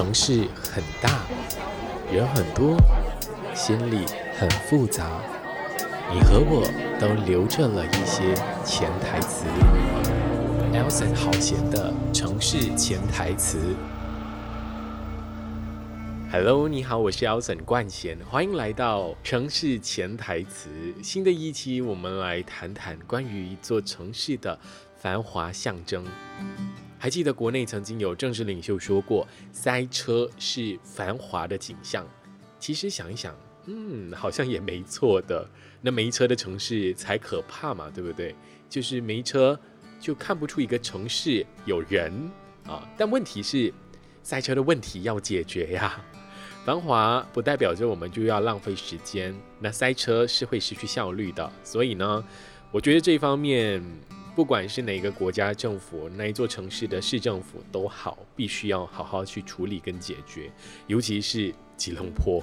城市很大，人很多，心裡很複雜。你和我都留着了一些潛台詞。e l s a 好閒的城市潛台詞。Hello，你好，我是 e l s a n 冠賢，歡迎來到城市潛台詞。新的一期，我們來談談關於一座城市的繁華象徵。還記得國內曾經有政治領袖說過，塞車是繁華的景象。其實想一想，嗯，好像也沒錯的。那沒車的城市才可怕嘛，對不對？就是沒車就看不出一個城市有人啊。但問題是，塞車的問題要解決呀。繁華不代表着我們就要浪費時間，那塞車是會失去效率的。所以呢，我覺得這方面。不管是哪個國家政府、哪一座城市的市政府都好，必須要好好去處理跟解決。尤其是吉隆坡，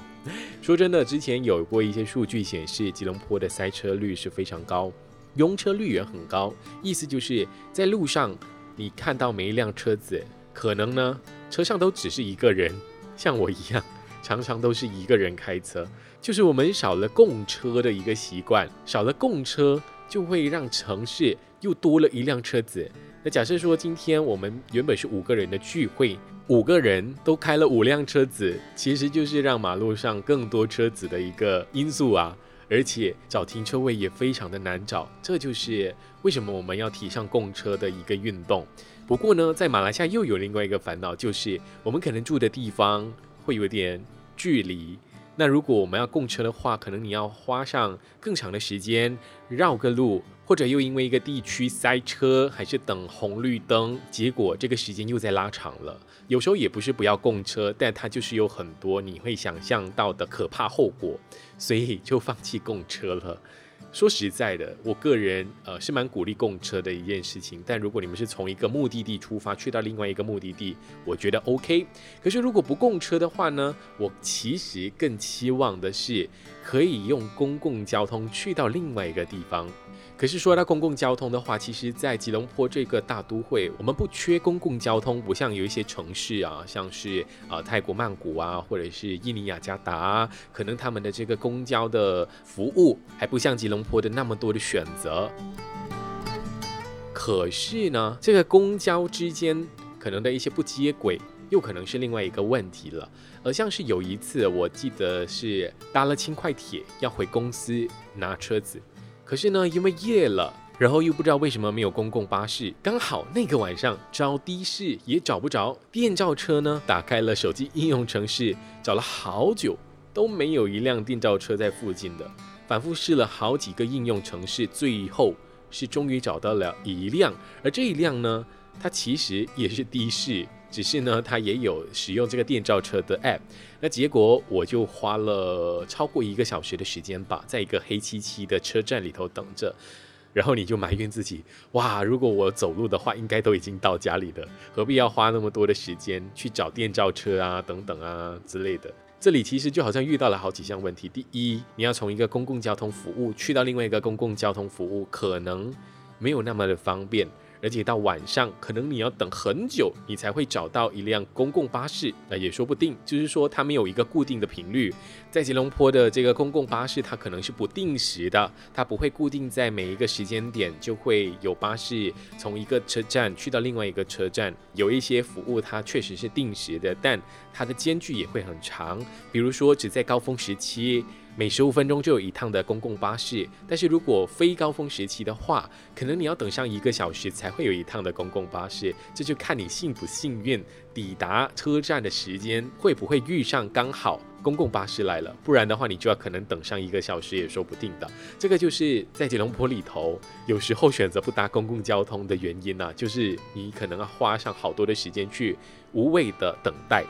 說真的，之前有過一些數據顯示，吉隆坡的塞車率是非常高，擁車率也很高。意思就是在路上，你看到每一輛車子，可能呢車上都只是一個人，像我一樣，常常都是一個人開車。就是我們少了共車的一個習慣，少了共車，就會讓城市。又多了一輛車子。那假設說，今天我們原本是五個人的聚會，五個人都開了五輛車子，其實就是讓馬路上更多車子的一個因素啊。而且找停車位也非常的難找，這就是為什麼我們要提倡共車的一個運動。不過呢，在馬來西亞又有另外一個煩惱，就是我們可能住的地方會有點距離。那如果我們要共車的話，可能你要花上更長的時間繞個路，或者又因為一個地區塞車，還是等紅綠燈，結果這個時間又在拉長了。有時候也不是不要共車，但它就是有很多你會想象到的可怕後果，所以就放棄共車了。說實在的，我個人呃是蠻鼓勵共車的一件事情。但如果你們是從一個目的地出發去到另外一個目的地，我覺得 OK。可是如果不共車的話呢，我其實更期望的是可以用公共交通去到另外一個地方。可是說到公共交通的話，其實，在吉隆坡這個大都會，我們不缺公共交通，不像有一些城市啊，像是啊、呃、泰國曼谷啊，或者是印尼雅加達啊，可能他們的這個公交的服務還不像。吉隆坡的那麼多的選擇，可是呢，這個公交之間可能的一些不接軌，又可能是另外一個問題了。而像是有一次，我記得是搭了輕快鐵要回公司拿車子，可是呢，因為夜了，然後又不知道為什麼沒有公共巴士，剛好那個晚上招的士也找不着，電召車呢，打開了手機應用程式找了好久，都沒有一輛電召車在附近的。反覆試了好幾個應用程式，最後是終於找到了一輛。而這一輛呢，它其實也是的士，只是呢，它也有使用這個電召車的 app。那結果我就花了超過一個小時的時間吧，在一個黑漆漆的車站裡頭等着。然後你就埋怨自己：哇，如果我走路的話，應該都已經到家裡的，何必要花那麼多的時間去找電召車啊、等等啊之類的？這裡其實就好像遇到了好幾項問題。第一，你要從一個公共交通服務去到另外一個公共交通服務，可能沒有那麼的方便。而且到晚上，可能你要等很久，你才會找到一輛公共巴士。那也說不定，就是說它沒有一個固定的頻率。在吉隆坡的這個公共巴士，它可能是不定時的，它不會固定在每一個時間點，就會有巴士從一個車站去到另外一個車站。有一些服務它確實是定時的，但它的間距也會很長，比如說只在高峰時期。每十五分鐘就有一趟的公共巴士，但是如果非高峰時期的話，可能你要等上一個小時才會有一趟的公共巴士，這就看你幸不幸運，抵達車站的時間會不會遇上剛好公共巴士來了，不然的話你就要可能等上一個小時也說不定的。這個就是在吉隆坡裡頭，有時候選擇不搭公共交通的原因呢，啊，就是你可能要花上好多的時間去無謂的等待。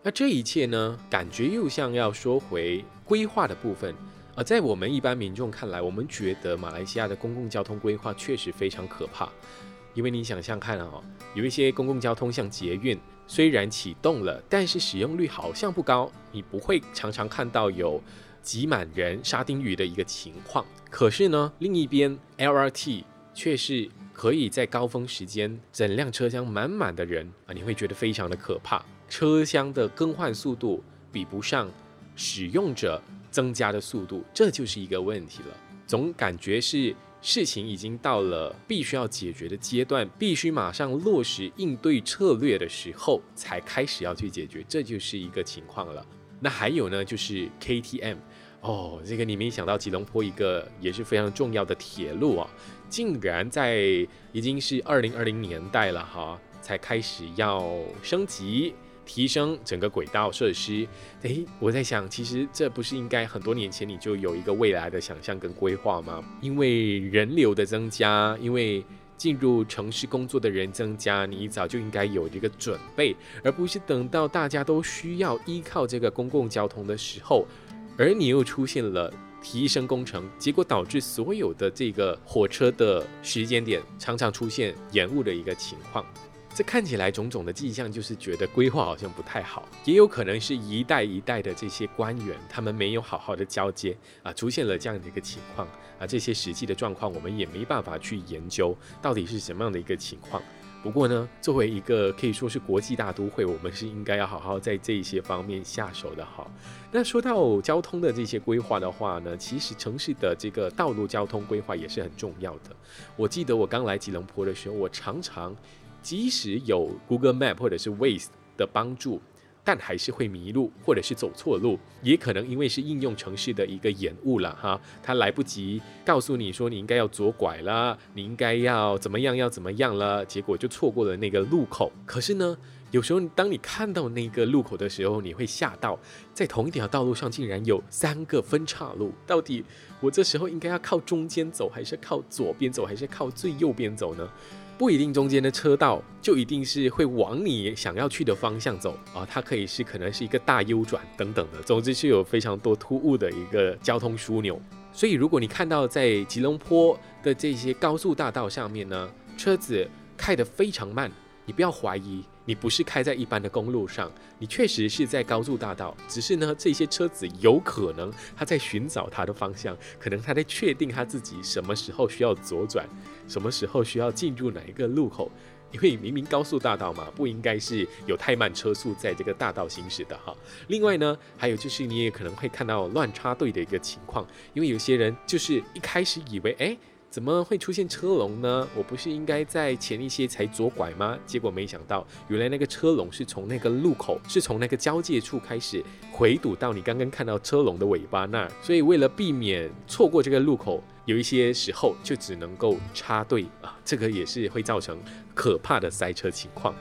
那這一切呢？感覺又像要說回規劃的部分。而在我們一般民眾看來，我們覺得馬來西亞的公共交通規劃確實非常可怕。因為你想像看啊、哦，有一些公共交通像捷運，雖然啟動了，但是使用率好像不高，你不會常常看到有擠滿人、沙丁魚的一個情況。可是呢，另一邊 LRT 卻是可以在高峰時間整輛車廂滿滿的人啊，你會覺得非常的可怕。車廂的更換速度比不上使用者增加的速度，這就是一個問題了。總感覺是事情已經到了必須要解決的階段，必須馬上落實應對策略的時候，才開始要去解決，這就是一個情況了。那還有呢，就是 KTM，哦，這個你沒想到吉隆坡一個也是非常重要的鐵路啊，竟然在已經是二零二零年代了哈、哦，才開始要升級。提升整個軌道設施，誒，我在想，其實這不是應該很多年前你就有一個未來的想象跟規劃嗎？因為人流的增加，因為進入城市工作的人增加，你早就應該有這個準備，而不是等到大家都需要依靠這個公共交通的時候，而你又出現了提升工程，結果導致所有的這個火車的時間點常常出現延誤的一個情況。這看起來種種的跡象，就是覺得規劃好像不太好，也有可能是一代一代的這些官員，他們沒有好好的交接啊，出現了這樣的一個情況啊。這些實際的狀況，我們也沒辦法去研究到底是什麼樣的一個情況。不過呢，作為一個可以說是國際大都會，我們是應該要好好在這些方面下手的哈。那說到交通的這些規劃的話呢，其實城市的這個道路交通規劃也是很重要的。我記得我剛來吉隆坡的時候，我常常即使有 Google Map 或者是 Waze 的幫助，但還是會迷路或者是走錯路。也可能因為是應用程式的一個延誤了哈，它來不及告訴你說你應該要左拐了，你應該要怎麼樣要怎麼樣了，結果就錯過了那個路口。可是呢？有時候，當你看到那個路口的時候，你會嚇到，在同一條道路上竟然有三個分岔路，到底我這時候應該要靠中間走，還是靠左邊走，還是靠最右邊走呢？不一定，中間的車道就一定是會往你想要去的方向走啊、哦，它可以是可能是一個大右轉等等的，總之是有非常多突兀的一個交通樞紐。所以，如果你看到在吉隆坡的這些高速大道上面呢，車子開得非常慢。你不要懷疑，你不是開在一般的公路上，你確實是在高速大道。只是呢，這些車子有可能他在尋找他的方向，可能他在確定他自己什麼時候需要左轉，什麼時候需要進入哪一個路口。因為明明高速大道嘛，不應該是有太慢車速在這個大道行駛的哈。另外呢，還有就是你也可能會看到亂插隊的一個情況，因為有些人就是一開始以為哎。誒怎麼會出現車龍呢？我不是應該在前一些才左拐嗎？結果沒想到，原來那個車龍是從那個路口，是從那個交界處開始回堵到你剛剛看到車龍的尾巴那兒。所以為了避免錯過這個路口，有一些時候就只能夠插隊啊，這個也是會造成可怕的塞車情況。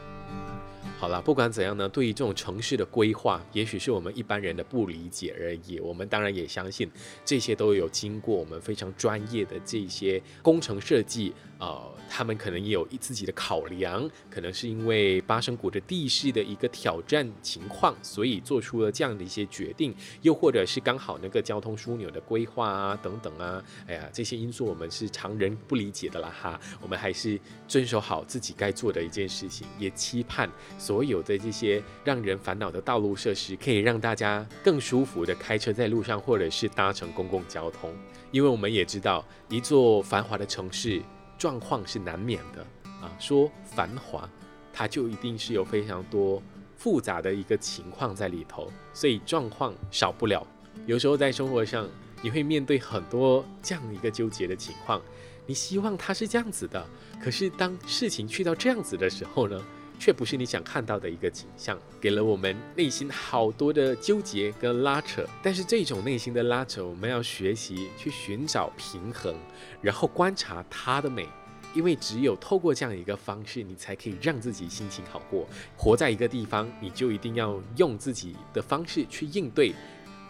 好了，不管怎樣呢，對於這種城市的規劃，也許是我們一般人的不理解而已。我們當然也相信這些都有經過我們非常專業的這些工程設計，呃，他們可能也有自己的考量，可能是因為巴生谷的地勢的一個挑戰情況，所以做出了這樣的一些決定，又或者是剛好那個交通樞紐的規劃啊，等等啊，哎呀，這些因素我們是常人不理解的啦哈。我們還是遵守好自己該做的一件事情，也期盼。所有的這些讓人煩惱的道路設施，可以讓大家更舒服地開車在路上，或者是搭乘公共交通。因為我們也知道，一座繁華的城市，狀況是難免的啊。說繁華，它就一定是有非常多複雜的一個情況在裡頭，所以狀況少不了。有時候在生活上，你會面對很多這樣一個糾結的情況。你希望它是這樣子的，可是當事情去到這樣子的時候呢，卻不是你想看到的一個景象，給了我們內心好多的糾結跟拉扯。但是這種內心的拉扯，我們要學習去尋找平衡，然後觀察它的美。因為只有透過這樣一個方式，你才可以讓自己心情好過。活在一個地方，你就一定要用自己的方式去應對。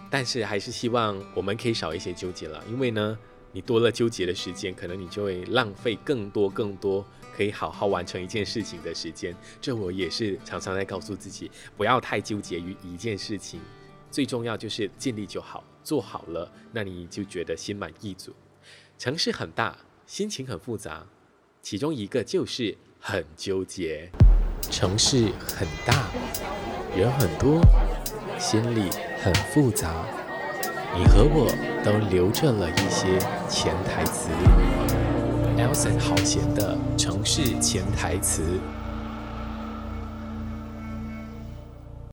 但是還是希望我們可以少一些糾結了，因為呢。你多了糾結的時間，可能你就會浪費更多更多可以好好完成一件事情的時間。這我也是常常在告訴自己，不要太糾結於一件事情。最重要就是盡力就好，做好了，那你就覺得心滿意足。城市很大，心情很複雜，其中一個就是很糾結。城市很大，人很多，心裡很複雜。你和我都留着了一些潛台詞。Elsa< 裡>好閒的城市潛台詞。